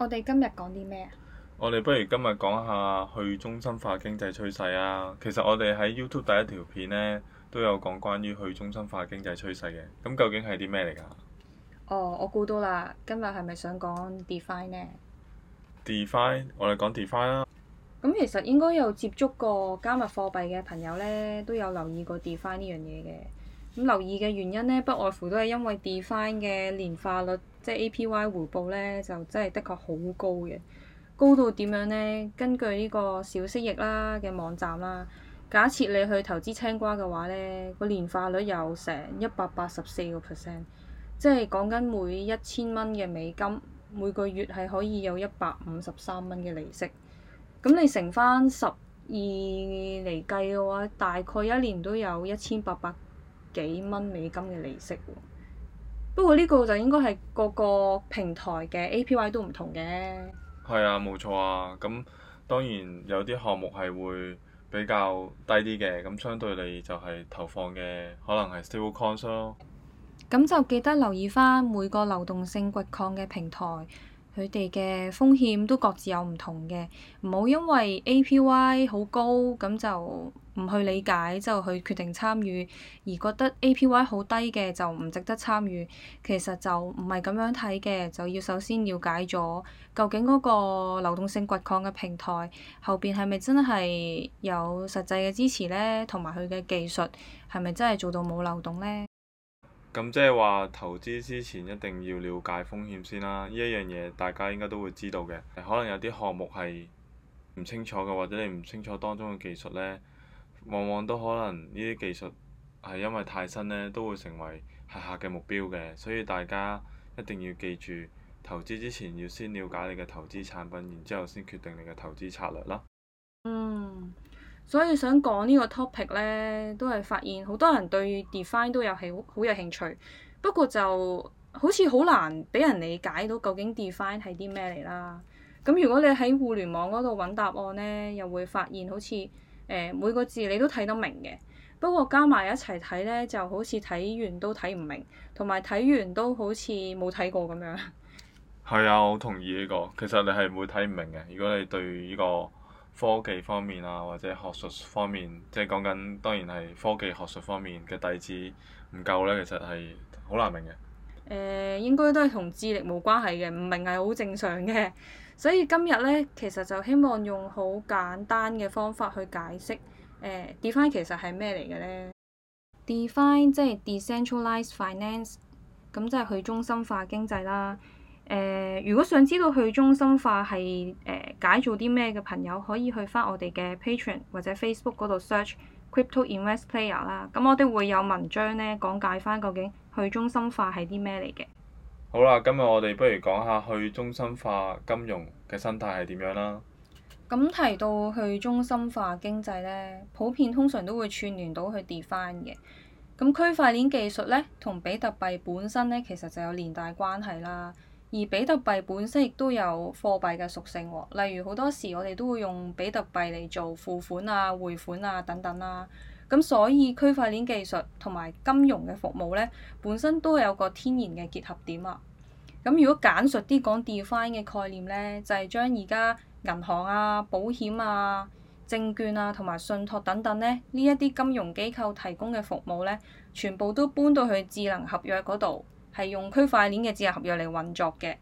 我哋今日講啲咩啊？我哋不如今日講下去中心化經濟趨勢啊！其實我哋喺 YouTube 第一條片咧都有講關於去中心化經濟趨勢嘅，咁究竟係啲咩嚟㗎？哦，我估到啦！今日係咪想講 DeFi 呢？DeFi，我哋講 DeFi 啦。咁其實應該有接觸過加密貨幣嘅朋友咧，都有留意過 DeFi 呢樣嘢嘅。咁留意嘅原因呢，不外乎都係因為 DeFi 嘅年化率，即係 APY 回報呢，就真係的確好高嘅，高到點樣呢？根據呢個小息翼啦嘅網站啦，假設你去投資青瓜嘅話，呢個年化率有成一百八十四個 percent，即係講緊每一千蚊嘅美金，每個月係可以有一百五十三蚊嘅利息。咁你乘翻十二嚟計嘅話，大概一年都有一千八百。幾蚊美金嘅利息喎，不過呢個就應該係各個平台嘅 APY 都唔同嘅。係啊，冇錯啊，咁當然有啲項目係會比較低啲嘅，咁相對你就係投放嘅可能係 stable coin 咯。咁就記得留意翻每個流動性掘礦嘅平台，佢哋嘅風險都各自有唔同嘅，唔好因為 APY 好高咁就，唔去理解就去決定參與，而覺得 APY 好低嘅就唔值得參與。其實就唔係咁樣睇嘅，就要首先了解咗究竟嗰個流動性掘礦嘅平台後邊係咪真係有實際嘅支持呢？同埋佢嘅技術係咪真係做到冇漏洞呢？咁即係話投資之前一定要了解風險先啦。呢一樣嘢大家應該都會知道嘅。可能有啲項目係唔清楚嘅，或者你唔清楚當中嘅技術呢。往往都可能呢啲技術係因為太新呢，都會成為黑客嘅目標嘅，所以大家一定要記住，投資之前要先了解你嘅投資產品，然之後先決定你嘅投資策略啦。嗯，所以想講呢個 topic 呢，都係發現好多人對 DeFi 都有好好有興趣，不過就好似好難俾人理解到究竟 DeFi 係啲咩嚟啦。咁如果你喺互聯網嗰度揾答案呢，又會發現好似～每個字你都睇得明嘅，不過加埋一齊睇呢，就好似睇完都睇唔明，同埋睇完都好似冇睇過咁樣。係啊，我同意呢個。其實你係唔會睇唔明嘅。如果你對呢個科技方面啊，或者學術方面，即係講緊當然係科技學術方面嘅底子唔夠呢，其實係好難明嘅。誒應該都係同智力冇關係嘅，唔明係好正常嘅。所以今日呢，其實就希望用好簡單嘅方法去解釋誒、呃、DeFi 其實係咩嚟嘅呢 DeFi 即係 decentralized finance，咁即係去中心化經濟啦。誒、呃，如果想知道去中心化係誒、呃、解做啲咩嘅朋友，可以去返我哋嘅 Patreon 或者 Facebook 嗰度 search Crypto Invest Player 啦。咁我哋會有文章呢，講解返究竟。去中心化係啲咩嚟嘅？好啦，今日我哋不如講下去中心化金融嘅生態係點樣啦。咁提到去中心化經濟呢，普遍通常都會串聯到去 DeFi 嘅。咁區塊鏈技術呢，同比特幣本身呢，其實就有連帶關係啦。而比特幣本身亦都有貨幣嘅屬性喎、啊，例如好多時我哋都會用比特幣嚟做付款啊、匯款啊等等啦、啊。咁所以區塊鏈技術同埋金融嘅服務咧，本身都有個天然嘅結合點啊。咁如果簡述啲講 DeFi 嘅概念咧，就係將而家銀行啊、保險啊、證券啊同埋信託等等咧，呢一啲金融機構提供嘅服務咧，全部都搬到去智能合約嗰度，係用區塊鏈嘅智能合約嚟運作嘅。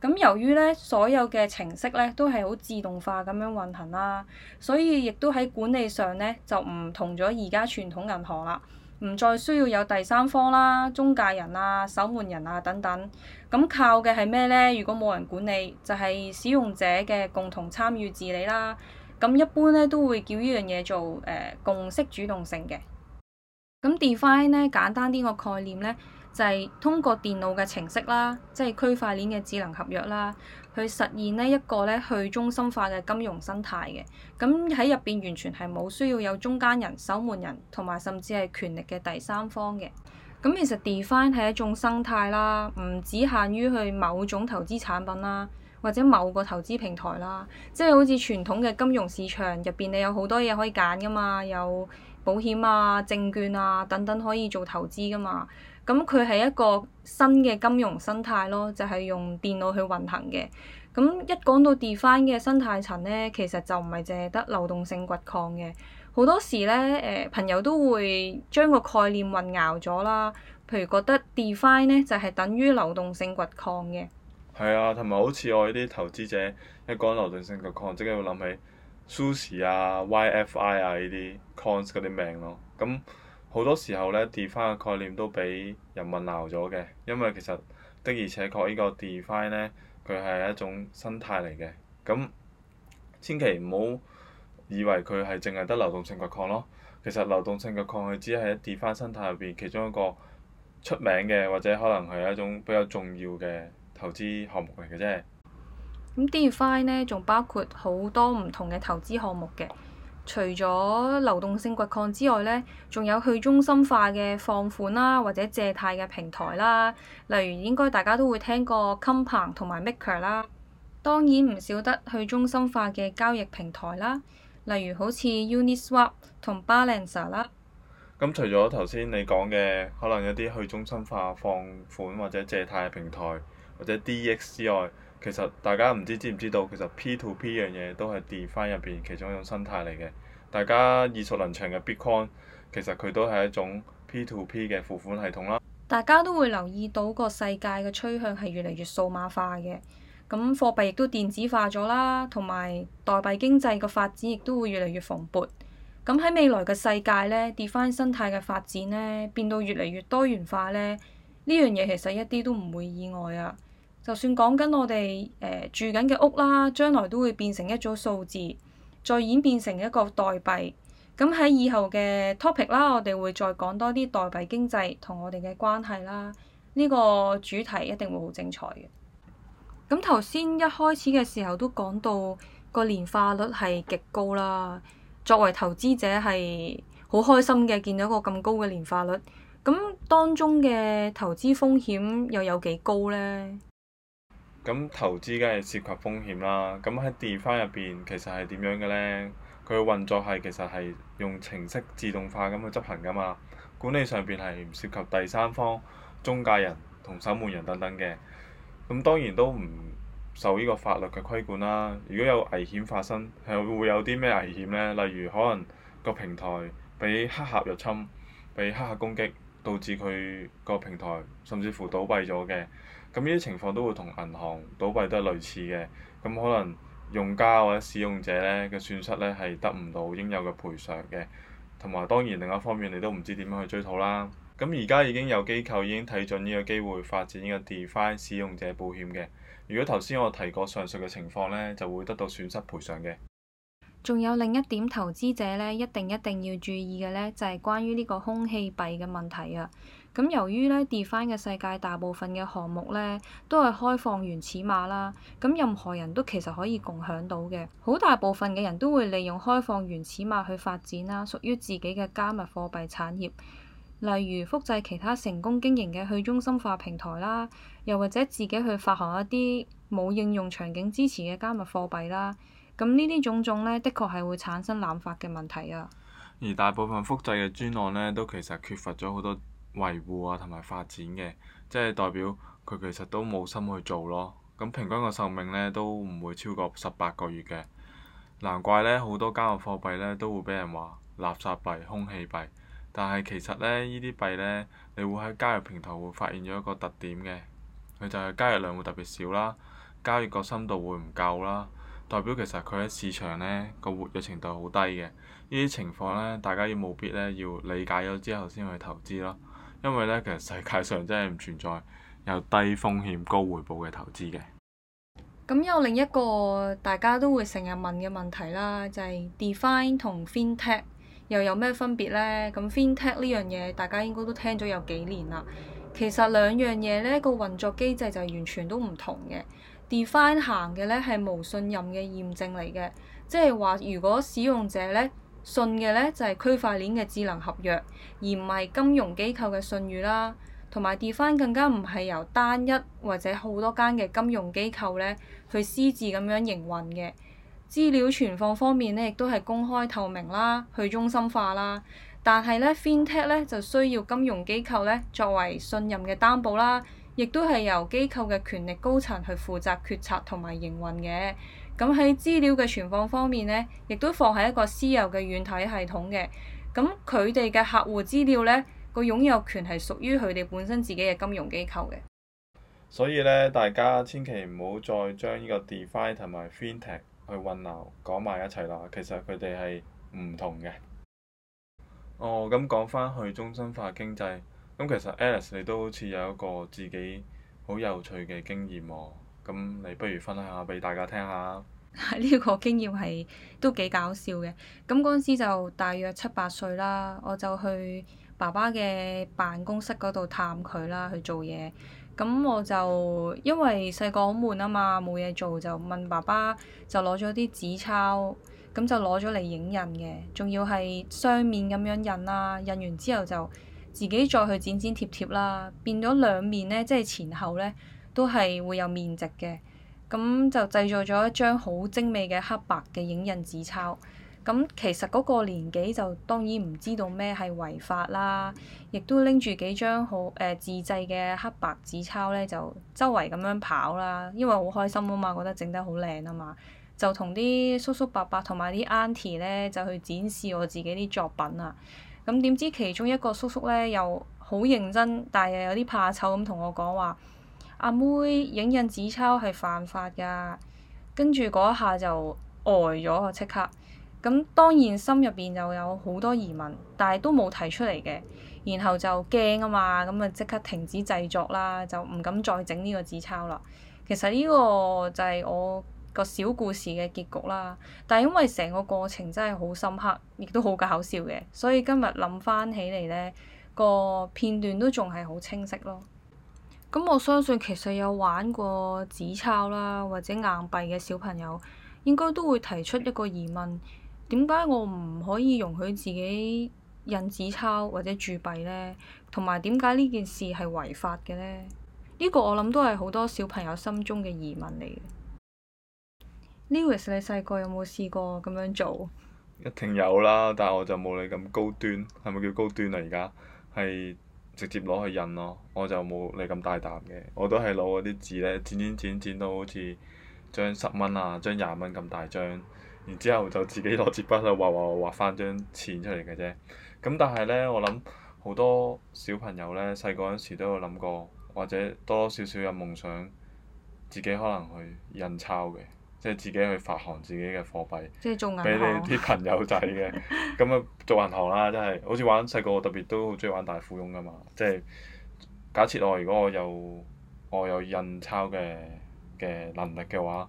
咁由於咧，所有嘅程式咧都係好自動化咁樣運行啦，所以亦都喺管理上咧就唔同咗而家傳統銀行啦，唔再需要有第三方啦、中介人啊、守門人啊等等。咁靠嘅係咩咧？如果冇人管理，就係、是、使用者嘅共同參與治理啦。咁一般咧都會叫呢樣嘢做誒、呃、共識主動性嘅。咁 DeFi 咧簡單啲個概念咧，就係通過電腦嘅程式啦，即係區塊鏈嘅智能合約啦，去實現呢一個咧去中心化嘅金融生態嘅。咁喺入邊完全係冇需要有中間人、守門人同埋甚至係權力嘅第三方嘅。咁其實 DeFi 係一種生態啦，唔只限於去某種投資產品啦，或者某個投資平台啦。即係好似傳統嘅金融市場入邊，面你有好多嘢可以揀噶嘛，有保險啊、證券啊等等可以做投資噶嘛。咁佢係一個新嘅金融生態咯，就係、是、用電腦去運行嘅。咁一講到 DeFi 嘅生態層咧，其實就唔係淨係得流動性掘礦嘅。好多時咧，誒朋友都會將個概念混淆咗啦。譬如覺得 DeFi 咧就係、是、等於流動性掘礦嘅。係啊，同埋好似我呢啲投資者，一講流動性掘礦，即刻會諗起 Sushi 啊、YFI 啊呢啲 coins 嗰啲名咯。咁好多時候咧，DeFi 嘅概念都俾人民鬧咗嘅，因為其實的而且確個呢個 DeFi 咧，佢係一種生態嚟嘅，咁、嗯、千祈唔好以為佢係淨係得流動性挖礦咯，其實流動性挖礦，佢只係 DeFi 生態入邊其中一個出名嘅或者可能係一種比較重要嘅投資項目嚟嘅啫。咁 DeFi 咧仲包括好多唔同嘅投資項目嘅。除咗流動性掘礦之外咧，仲有去中心化嘅放款啦，或者借貸嘅平台啦，例如應該大家都會聽過 Compound 同埋 Maker 啦。當然唔少得去中心化嘅交易平台啦，例如好似 Uniswap 同 Balancer 啦。咁、嗯、除咗頭先你講嘅可能有啲去中心化放款或者借貸嘅平台或者 DEX 之外，其實大家唔知知唔知道，其實 P to P 呢樣嘢都係 DeFi 入邊其中一種生態嚟嘅。大家耳熟能詳嘅 Bitcoin，其實佢都係一種 P to P 嘅付款系統啦。大家都會留意到個世界嘅趨向係越嚟越數碼化嘅，咁貨幣亦都電子化咗啦，同埋代幣經濟嘅發展亦都會越嚟越蓬勃。咁喺未來嘅世界呢，DeFi 生態嘅發展呢，變到越嚟越多元化呢，呢樣嘢其實一啲都唔會意外啊！就算講緊我哋誒住緊嘅屋啦，將來都會變成一組數字，再演變成一個代幣。咁喺以後嘅 topic 啦，我哋會再講多啲代幣經濟同我哋嘅關係啦。呢個主題一定會好精彩嘅。咁頭先一開始嘅時候都講到個年化率係極高啦，作為投資者係好開心嘅，見到個咁高嘅年化率。咁當中嘅投資風險又有幾高呢？咁投資梗係涉及風險啦。咁喺 DeFi 入邊，其實係點樣嘅呢？佢嘅運作係其實係用程式自動化咁去執行噶嘛。管理上邊係唔涉及第三方中介人同守門人等等嘅。咁當然都唔受呢個法律嘅規管啦。如果有危險發生，係會有啲咩危險呢？例如可能個平台畀黑客入侵、畀黑客攻擊，導致佢個平台甚至乎倒閉咗嘅。咁呢啲情況都會同銀行倒閉都係類似嘅，咁可能用家或者使用者咧嘅損失咧係得唔到應有嘅賠償嘅，同埋當然另一方面你都唔知點樣去追討啦。咁而家已經有機構已經睇準呢個機會發展呢個 DeFi 使用者保險嘅。如果頭先我提過上述嘅情況咧，就會得到損失賠償嘅。仲有另一點，投資者咧一定一定要注意嘅咧，就係關於呢個空氣幣嘅問題啊。咁由於呢 DeFi 嘅世界大部分嘅項目呢都係開放原始碼啦。咁任何人都其實可以共享到嘅，好大部分嘅人都會利用開放原始碼去發展啦，屬於自己嘅加密貨幣產業，例如複製其他成功經營嘅去中心化平台啦，又或者自己去發行一啲冇應用場景支持嘅加密貨幣啦。咁呢啲種種呢，的確係會產生濫發嘅問題啊。而大部分複製嘅專案呢，都其實缺乏咗好多，維護啊，同埋發展嘅，即係代表佢其實都冇心去做咯。咁平均個壽命咧都唔會超過十八個月嘅，難怪咧好多加密貨幣咧都會俾人話垃圾幣、空氣幣。但係其實咧，呢啲幣咧，你會喺交易平台會發現咗一個特點嘅，佢就係交易量會特別少啦，交易個深度會唔夠啦，代表其實佢喺市場咧個活躍程度好低嘅。呢啲情況咧，大家要務必咧要理解咗之後先去投資咯。因為呢，其實世界上真係唔存在有低風險高回報嘅投資嘅。咁有另一個大家都會成日問嘅問題啦，就係 DeFi 同 FinTech 又有咩分別呢？咁 FinTech 呢樣嘢大家應該都聽咗有幾年啦。其實兩樣嘢呢個運作機制就完全都唔同嘅。 DeFi 行嘅呢係無信任嘅驗證嚟嘅，即係話如果使用者呢。信嘅呢就係區塊鏈嘅智能合約，而唔係金融機構嘅信譽啦，同埋 DeFi 更加唔係由單一或者好多間嘅金融機構呢去私自咁樣營運嘅資料。存放方面呢亦都係公開透明啦，去中心化啦，但係呢，Fintech 呢就需要金融機構呢作為信任嘅擔保啦。亦都係由機構嘅權力高層去負責決策同埋營運嘅。咁喺資料嘅存放方面呢，亦都放喺一個私有嘅軟體系統嘅。咁佢哋嘅客戶資料呢，個擁有權係屬於佢哋本身自己嘅金融機構嘅。所以呢，大家千祈唔好再將呢個 DeFi 同埋 fintech 去混淆講埋一齊啦。其實佢哋係唔同嘅。哦，咁講翻去中心化經濟。咁其實 Alice 你都好似有一個自己好有趣嘅經驗喎，咁你不如分享下俾大家聽下。呢個經驗係都幾搞笑嘅，咁嗰陣時就大約七八歲啦，我就去爸爸嘅辦公室嗰度探佢啦，去做嘢。咁我就因為細個好悶啊嘛，冇嘢做就問爸爸，就攞咗啲紙鈔，咁就攞咗嚟影印嘅，仲要係雙面咁樣印啦，印完之後就～自己再去剪剪貼貼啦，變咗兩面呢，即係前後呢，都係會有面值嘅，咁就製作咗一張好精美嘅黑白嘅影印紙鈔。咁其實嗰個年紀就當然唔知道咩係違法啦，亦都拎住幾張好誒、呃、自製嘅黑白紙鈔呢，就周圍咁樣跑啦，因為好開心啊嘛，覺得整得好靚啊嘛，就同啲叔叔伯伯同埋啲 Auntie 呢就去展示我自己啲作品啊！咁點知其中一個叔叔咧，又好認真，但係有啲怕醜咁同我講話，阿、啊、妹影印紙鈔係犯法噶，跟住嗰一下就呆咗啊！即刻，咁當然心入邊就有好多疑問，但係都冇提出嚟嘅，然後就驚啊嘛，咁啊即刻停止製作啦，就唔敢再整呢個紙鈔啦。其實呢個就係我。個小故事嘅結局啦，但係因為成個過程真係好深刻，亦都好搞笑嘅，所以今日諗翻起嚟呢個片段都仲係好清晰咯。咁我相信其實有玩過紙鈔啦或者硬幣嘅小朋友，應該都會提出一個疑問：點解我唔可以容許自己印紙鈔或者鑄幣呢？同埋點解呢件事係違法嘅呢？呢、這個我諗都係好多小朋友心中嘅疑問嚟嘅。Lewis，你細個有冇試過咁樣做？一定有啦，但係我就冇你咁高端，係咪叫高端啊？而家係直接攞去印咯，我就冇你咁大膽嘅，我都係攞嗰啲紙咧剪剪剪剪到好似張十蚊啊、張廿蚊咁大張，然之後就自己攞支筆去畫畫畫畫翻張錢出嚟嘅啫。咁但係咧，我諗好多小朋友咧細個嗰陣時都有諗過，或者多多少少有夢想，自己可能去印鈔嘅。即係自己去發行自己嘅貨幣，俾你啲朋友仔嘅，咁啊 做銀行啦，真係，好似玩細個，特別都好中意玩大富翁㗎嘛，即係假設我如果我有我有印鈔嘅嘅能力嘅話，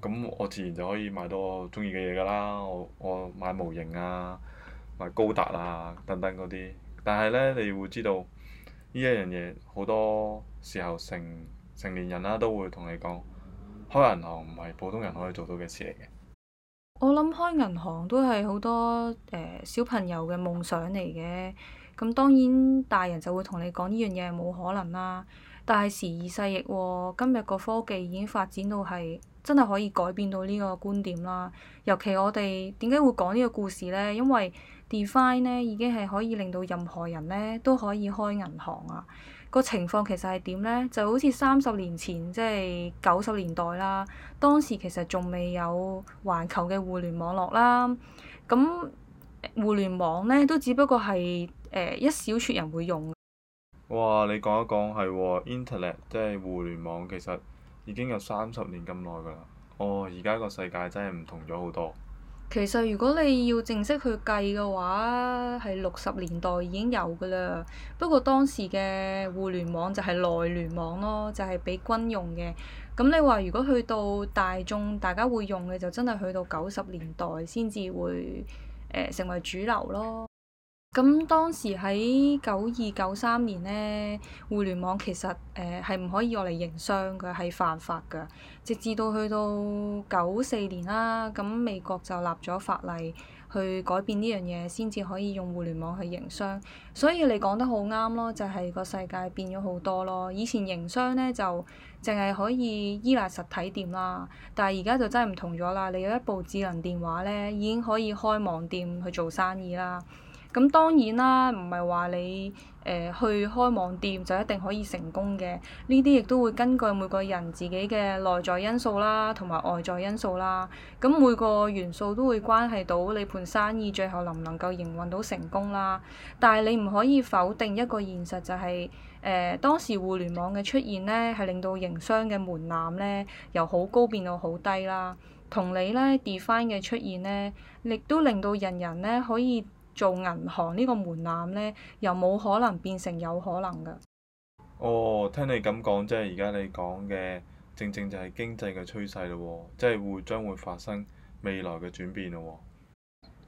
咁我自然就可以買到我中意嘅嘢㗎啦，我我買模型啊，買高達啊等等嗰啲，但係呢，你會知道呢一樣嘢好多時候成成年人啦都會同你講。開銀行唔係普通人可以做到嘅事嚟嘅。我諗開銀行都係好多誒、呃、小朋友嘅夢想嚟嘅。咁當然大人就會同你講呢樣嘢係冇可能啦。但係時移世易喎、哦，今日個科技已經發展到係真係可以改變到呢個觀點啦。尤其我哋點解會講呢個故事呢？因為 DeFi 呢已經係可以令到任何人呢都可以開銀行啊。個情況其實係點呢？就好似三十年前，即係九十年代啦。當時其實仲未有環球嘅互聯網絡啦。咁互聯網呢，都只不過係、呃、一小撮人會用。哇！你講一講，係喎，Internet 即係互聯網，其實已經有三十年咁耐噶啦。哦，而家個世界真係唔同咗好多。其實如果你要正式去計嘅話，係六十年代已經有㗎啦。不過當時嘅互聯網就係內聯網咯，就係、是、俾軍用嘅。咁你話如果去到大眾，大家會用嘅就真係去到九十年代先至會、呃、成為主流咯。咁當時喺九二九三年呢，互聯網其實誒係唔可以用嚟營商嘅，係犯法㗎。直至到去到九四年啦，咁美國就立咗法例去改變呢樣嘢，先至可以用互聯網去營商。所以你講得好啱咯，就係個世界變咗好多咯。以前營商呢，就淨係可以依賴實體店啦，但係而家就真係唔同咗啦。你有一部智能電話呢，已經可以開網店去做生意啦。咁當然啦，唔係話你誒、呃、去開網店就一定可以成功嘅。呢啲亦都會根據每個人自己嘅內在因素啦，同埋外在因素啦。咁每個元素都會關係到你盤生意最後能唔能夠營運到成功啦。但係你唔可以否定一個現實，就是，就係誒當時互聯網嘅出現呢，係令到營商嘅門檻呢由好高變到好低啦。同你呢 DeFi 嘅出現呢，亦都令到人人呢可以做銀行呢個門檻呢，又冇可能變成有可能㗎。哦，聽你咁講，即係而家你講嘅，正正就係經濟嘅趨勢咯喎。哦，即係會將會發生未來嘅轉變咯喎。哦。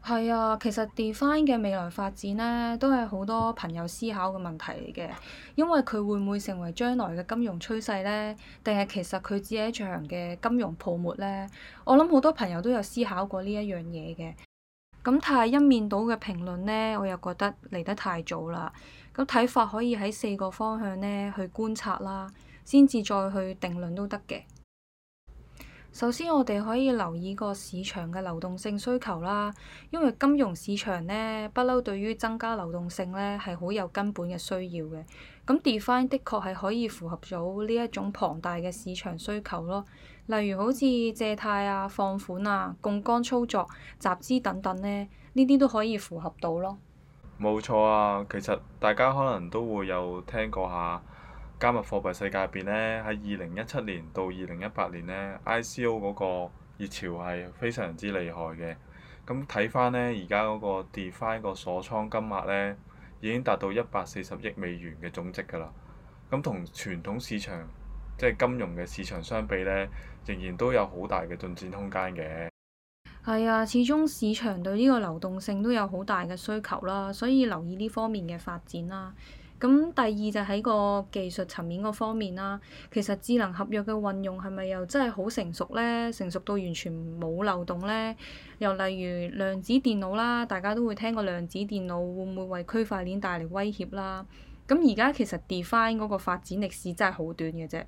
係啊，其實 DeFi 嘅未來發展呢，都係好多朋友思考嘅問題嚟嘅，因為佢會唔會成為將來嘅金融趨勢呢？定係其實佢只係一場嘅金融泡沫呢？我諗好多朋友都有思考過呢一樣嘢嘅。咁太一面倒嘅評論呢，我又覺得嚟得太早啦。咁睇法可以喺四個方向呢去觀察啦，先至再去定論都得嘅。首先，我哋可以留意個市場嘅流動性需求啦，因為金融市場呢不嬲對於增加流動性呢係好有根本嘅需要嘅。咁 DeFi 的確係可以符合咗呢一種龐大嘅市場需求咯。例如好似借貸啊、放款啊、槓桿操作、集資等等呢，呢啲都可以符合到咯。冇錯啊，其實大家可能都會有聽過下加密貨幣世界入邊呢，喺二零一七年到二零一八年呢 ICO 嗰個熱潮係非常之厲害嘅。咁睇翻呢，而家嗰個 DeFi 個鎖倉金額呢，已經達到一百四十億美元嘅總值㗎啦。咁同傳統市場即係金融嘅市場相比呢，仍然都有好大嘅進展空間嘅。係啊，始終市場對呢個流動性都有好大嘅需求啦，所以留意呢方面嘅發展啦。咁第二就喺個技術層面嗰方面啦。其實智能合約嘅運用係咪又真係好成熟呢？成熟到完全冇漏洞呢？又例如量子電腦啦，大家都會聽過量子電腦會唔會為區塊鏈帶嚟威脅啦？咁而家其實 DeFi 嗰個發展歷史真係好短嘅啫，誒、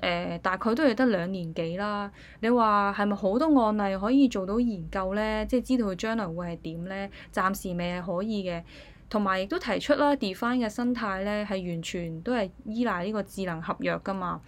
呃、大概都係得兩年幾啦。你話係咪好多案例可以做到研究呢？即係知道佢將來會係點呢？暫時未係可以嘅。同埋亦都提出啦 ，DeFi 嘅生態呢係完全都係依賴呢個智能合約㗎嘛。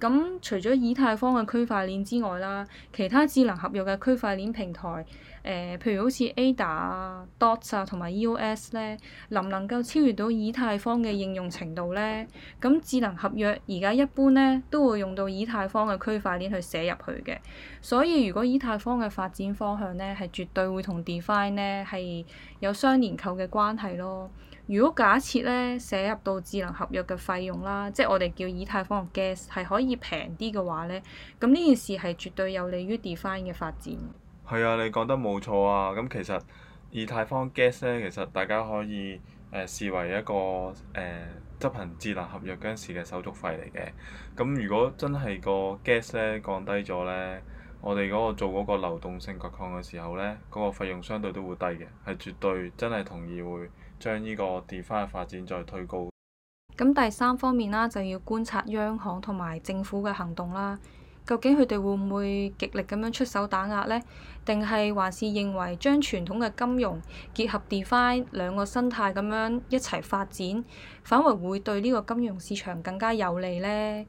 咁除咗以太坊嘅區塊鏈之外啦，其他智能合約嘅區塊鏈平台，誒、呃，譬如好似 Ada DOT 啊、Dot 啊同埋 EOS 咧，能唔能夠超越到以太坊嘅應用程度咧？咁智能合約而家一般咧都會用到以太坊嘅區塊鏈去寫入去嘅，所以如果以太坊嘅發展方向咧係絕對會同 DeFi 咧係有相連扣嘅關係咯。如果假設咧寫入到智能合約嘅費用啦，即係我哋叫以太坊嘅 Gas 係可以平啲嘅話咧，咁呢件事係絕對有利於 DeFi 嘅發展。係啊，你講得冇錯啊。咁其實以太坊 Gas 咧，其實大家可以誒、呃、視為一個誒、呃、執行智能合約嗰陣時嘅手續費嚟嘅。咁如果真係個 Gas 咧降低咗咧，我哋嗰個做嗰個流動性隔抗嘅時候咧，嗰、嗰個費用相對都會低嘅，係絕對真係同意會將呢個 DeFi 嘅發展再推高。咁第三方面啦，就要觀察央行同埋政府嘅行動啦。究竟佢哋會唔會極力咁樣出手打壓呢？定係還是認為將傳統嘅金融結合 DeFi 兩個生態咁樣一齊發展，反為會對呢個金融市場更加有利呢？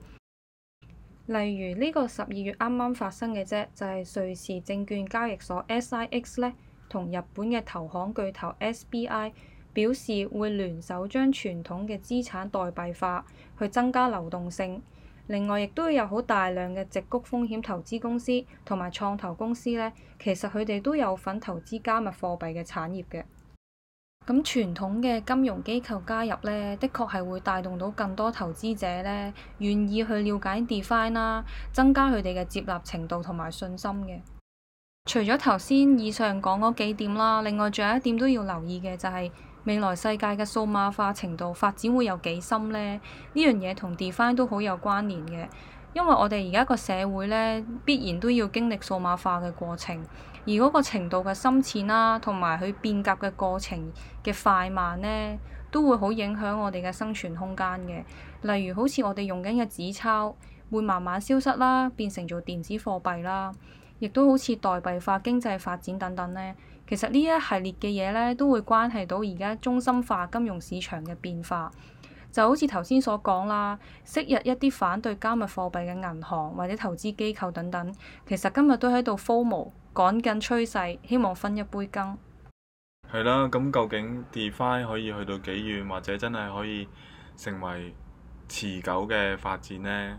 例如呢個十二月啱啱發生嘅啫，就係、是、瑞士證券交易所 SIX 呢，同日本嘅投行巨頭 SBI。表示會聯手將傳統嘅資產代幣化，去增加流動性。另外，亦都有好大量嘅直谷風險投資公司同埋創投公司呢，其實佢哋都有份投資加密貨幣嘅產業嘅。咁傳統嘅金融機構加入呢，的確係會帶動到更多投資者呢，願意去了解 DeFi 啦，增加佢哋嘅接納程度同埋信心嘅。除咗頭先以上講嗰幾點啦，另外仲有一點都要留意嘅就係，未來世界嘅數碼化程度發展會有幾深呢？呢樣嘢同 DeFi 都好有關聯嘅，因為我哋而家個社會呢，必然都要經歷數碼化嘅過程，而嗰個程度嘅深淺啦、啊，同埋佢變革嘅過程嘅快慢呢，都會好影響我哋嘅生存空間嘅。例如好似我哋用緊嘅紙鈔會慢慢消失啦，變成做電子貨幣啦。亦都好似代幣化經濟發展等等呢。其實呢一系列嘅嘢呢，都會關係到而家中心化金融市場嘅變化，就好似頭先所講啦，昔日一啲反對加密貨幣嘅銀行或者投資機構等等，其實今日都喺度 FOMO，趕緊趨勢，希望分一杯羹。係啦，咁究竟 DeFi 可以去到幾遠，或者真係可以成為持久嘅發展呢？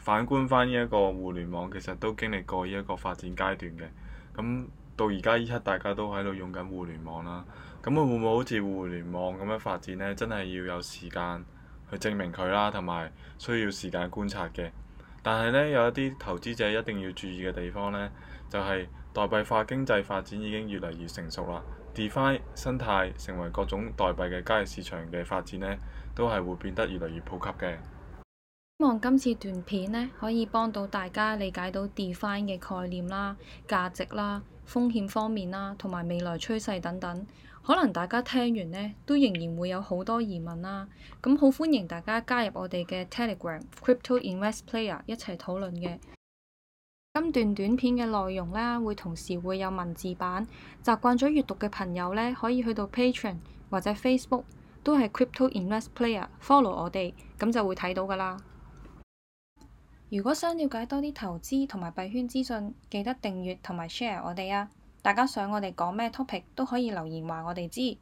反觀翻呢一個互聯網，其實都經歷過呢一個發展階段嘅。咁到而家依刻大家都喺度用緊互聯網啦。咁會唔會好似互聯網咁樣發展呢？真係要有時間去證明佢啦，同埋需要時間觀察嘅。但係呢，有一啲投資者一定要注意嘅地方呢，就係、是、代幣化經濟發展已經越嚟越成熟啦。 DeFi 生態成為各種代幣嘅交易市場嘅發展呢，都係會變得越嚟越普及嘅。希望今次段片咧可以幫到大家理解到 DeFi 嘅概念啦、價值啦、風險方面啦，同埋未來趨勢等等。可能大家聽完咧都仍然會有好多疑問啦，咁好歡迎大家加入我哋嘅 Telegram Crypto Invest Player 一齊討論嘅。今段短片嘅內容啦，會同時會有文字版，習慣咗閱讀嘅朋友呢，可以去到 Patreon 或者 Facebook 都係 Crypto Invest Player follow 我哋，咁就會睇到噶啦。如果想了解多啲投資同埋幣圈資訊，記得訂閱同埋 share 我哋啊！大家想我哋講咩 topic 都可以留言話我哋知。